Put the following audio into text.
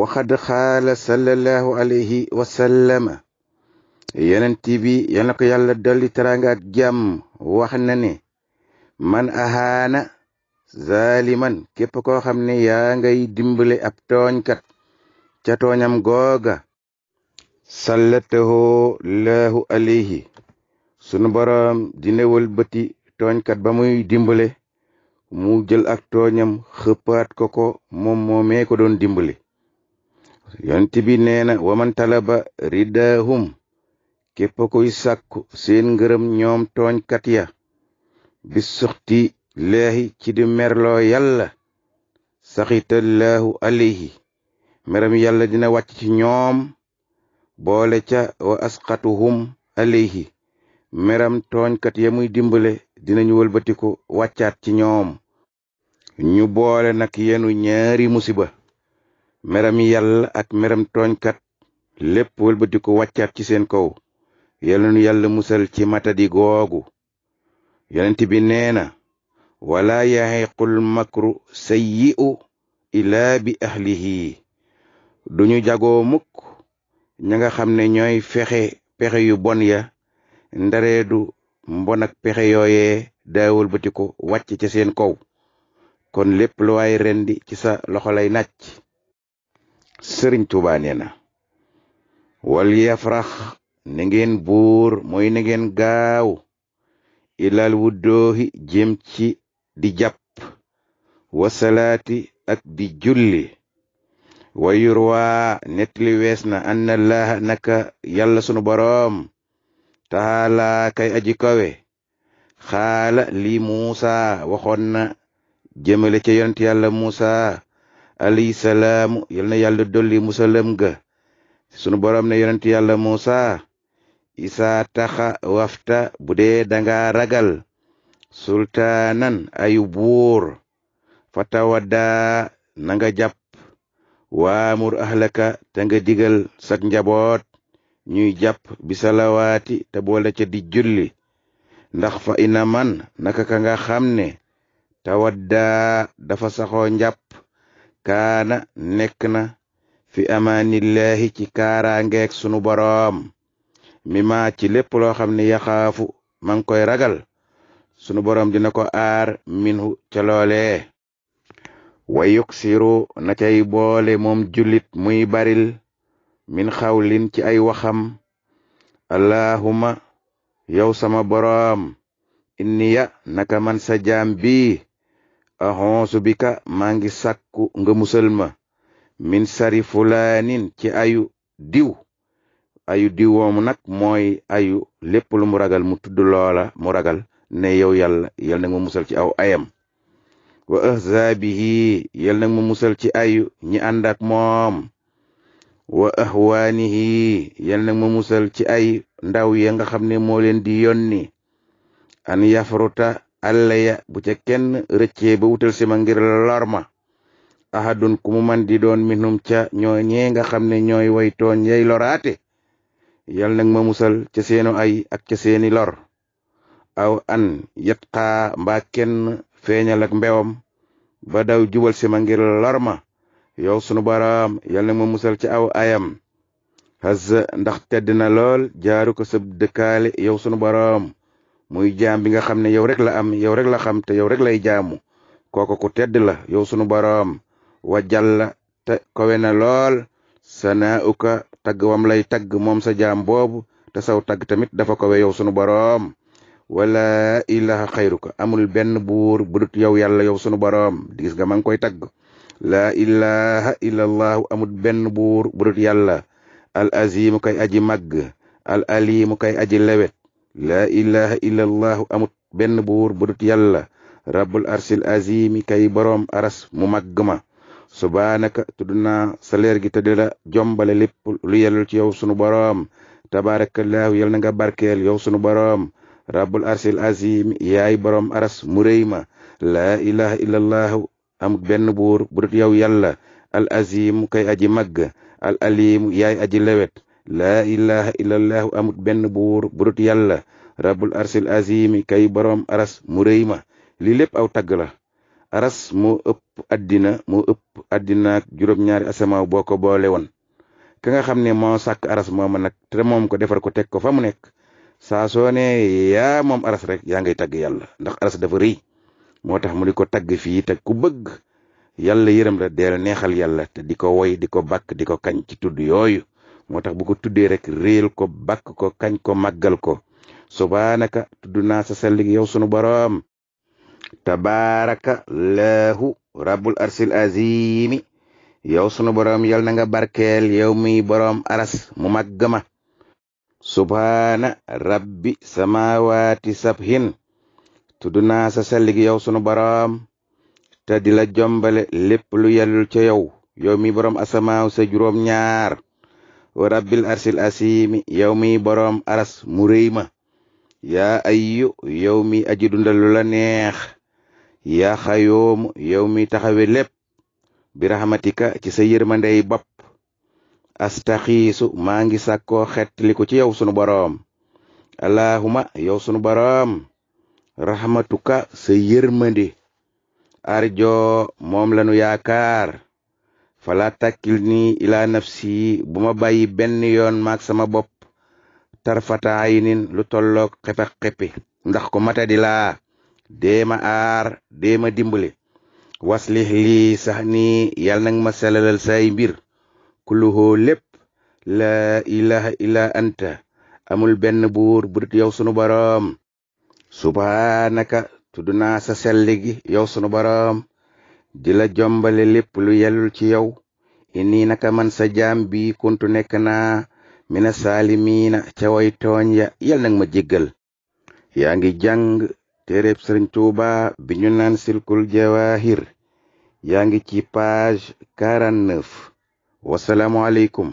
waxad xaala sallallahu alayhi wa sallama yonent bi yal ko yàlla dolli teraanga ak jàmm wax na ne man ahaana zaaliman képp koo xam ne yaa ngay dimbale ab tooñkat ca tooñam googa sallatahoo laahu alayhi sunu boroom dina wëlbati tooñkat ba muy dimbale mu jël ak tooñam xëppaat ko ko moom moomee ko doon dimbale yonent bi nee na waman talaba ridahum képp kuy sàkku seen ngërëm ñoom tooñkat ya bi suxti leexi ci di merloo yàlla saxitallaahu alayhi meram yàlla dina wàcc ci ñoom boole ca wa asqatuhum alayhi meram tooñkat ya muy dimbale dinañu wëlbatiku wàccaat ci ñoom ñu boole nag yenu ñaari musiba meram yàlla ak meram tooñkat lépp wëlbati wàccaat ci seen kaw yal yàlla musal ci matadi googu yonent bi nee na wala yaxiqul makru sayyi'u ilaa bi ahlihi duñu jagoo mukk ña nga xam ne ñooy fexe pexe yu bon ya ndareedu mbon ak pexe yooyee daawul bati ko wàcc ca seen kaw kon lépp lu waay rendi ci sa loxo lay nàcc sëriñ Tuubaa nee na wal yafrax na ngeen buur mooy na ngeen gaaw ilal wu dooxi jëm ci di jàpp wasalaati ak di julli wayurwaa nettali wees na anna laaha naka yàlla sunu boroom taala kay aji kawe xaala lii Muusa waxoon na jëmale ca yonent yàlla Muusa alayhi salaam yal na yàlla dolli musalam ga sunu borom ne yonent yàlla Muusa isaa taxa wafta bu dee danga ragal sultaanan ay buur fatawadda na nga jàpp waamur ahlaka te nga digal sak njaboot ñuy jàpp bi salawaati te boole ca di julli ndax fa ina man naka ka nga xam ne tawadda dafa saxoo njàpp kaana nekk na fi amaanillaahi ci kaaraangeek sunu boroom mi ma ci lépp loo xam ne yaxaafu ma koy ragal sunu boroom dina ko aar minhu ca loolee wa yuksiru na cay boole moom jullit muy baril min xawlin ci ay waxam allahuma yow sama boroom inni ya naka man sa jaam bii ahonsu bika maa ngi sàkku nga musal ma min sari fulaanin ci ayu diw ayu diw moomu nag mooy ayu lépp lu mu ragal mu tudd loola mu ragal ne yow yàlla yal nag musal ci aw ayam wa ahzaabihi yal nag ma musal ci ayu ñi ànd ak moom wa ahwaanihi yal musal ci ay ndaw ya nga xam ne moo leen di yonni an yafruta alla ya bu ca kenn rëccee ba wutal si ma ngir lor ma ahadun ku mu man di doon ca ñoo nga xam ne ñooy way tooñ yay loraate yal nag ma musal ca seenu ay ak ca seeni lor aw an yat xaa mbaa kenn feeñal ak mbewam ba daw jubal si ma ngir yow sunu baraam yal nag ma musal ca aw ayam xas ndax tedd na lool jaaru ko sëb dëkkaale yow sunu baraam muy jaam bi nga xam ne yow rek la am yow rek la xam te yow rek lay jaamu kooku ku la yow sunu boroom wa jàlla te kowe na lool sanaauka tagg wam lay tagg moom sa jaam boobu te saw tagg tamit dafa kowe yow sunu boroom wala ilaha xayruka amul benn buur budut yow yàlla yow sunu boroom digis nga ma ngi koy tagg laa ilaha illallahu amul benn buur budut yàlla al azimu kay aji màgg al alimu kay aji lewet laa ilaha illa allahu amut benn buur budut yàlla rabbul arsil azimi kay boroom aras mu magg ma subaanaka tudd naa sa leer gi te jombale lépp lu yellul ci yow sunu boroom tabaarakallaahu yal nga barkeel yow sunu boroom rabbul arsil azim yaay boroom aras mu réy laa ilaha illa amut benn buur budut yow yàlla al azim kay aji màgg al alimu yaay aji lewet laa ilaha illallahu amut benn buur burut yàlla rabbul arsil azimi kay boroom aras mu rëy ma lii lépp aw tagg la aras moo ëpp àddina moo ëpp addina ak juróom-ñaari asamaaw boo ko boole woon ka nga xam ne moo sàkk aras mooma nag te moom ko defar ko teg ko fa mu nekk saa soo ne yaa moom aras rek yaa ngay tagg yàlla ndax aras dafa rëy moo tax mu di ko tagg fii te ku bëgg yalla yërëm la deel neexal yàlla te di ko woy di ko bàkk di ko kañ ci tudd yooyu moo tax bu ko tuddee rek réel ko bakk ko kañ ko màggal ko subaanaka tudd naa sa sellig yow sunu boroom tabaaraka laahu rabbul arsil azimi yow sunu boroom yal na nga barkeel yow mi boroom aras mu màgg ma subhaana rabbi samawaati sabhin tudd naa sa sellig yow sunu boroom te di la jombale lépp lu yellul ca yow yow mi boroom asamaaw sa juróom ñaar wa rabbil arsil asimi yow mi boroom aras mu rëy ma yaa ayyu yow mi aji dundal neex yaa xayoomu yow mi taxawe lépp bi raxamatika ci sa yërmandey bopp astaxiisu maa ngi sàkkoo xettaliku ci yow sunu boroom allahuma yow sunu boroom raxmatuka sa yërmande arjo moom lanu yaakaar fala takkil ni ilaa nafsi bu ma bàyyi benn yoon maak sama bopp tarfata aynin lu tollook xepe xepe ndax ko mata di laa a aar déema dimbale waslih lii sax ni yàlla nag ma selalal say mbir kulluhoo lépp laa ilaha illa anta amul benn buur bu dut yow sunu boroom subhaanaka tudd naa sa sel gi yow sunu boroom di la jombale lépp lu yellul ci yow inni naka man sa jaam bi kuntu nekk naa mina saalimiina ca way tooñ ya yal nag ma jéggal yaa ngi jàng téereb sëriñ Tuuba bi ñu naan silkul jawahir yaa ngi ci paaj page 49 wasalaamualeykum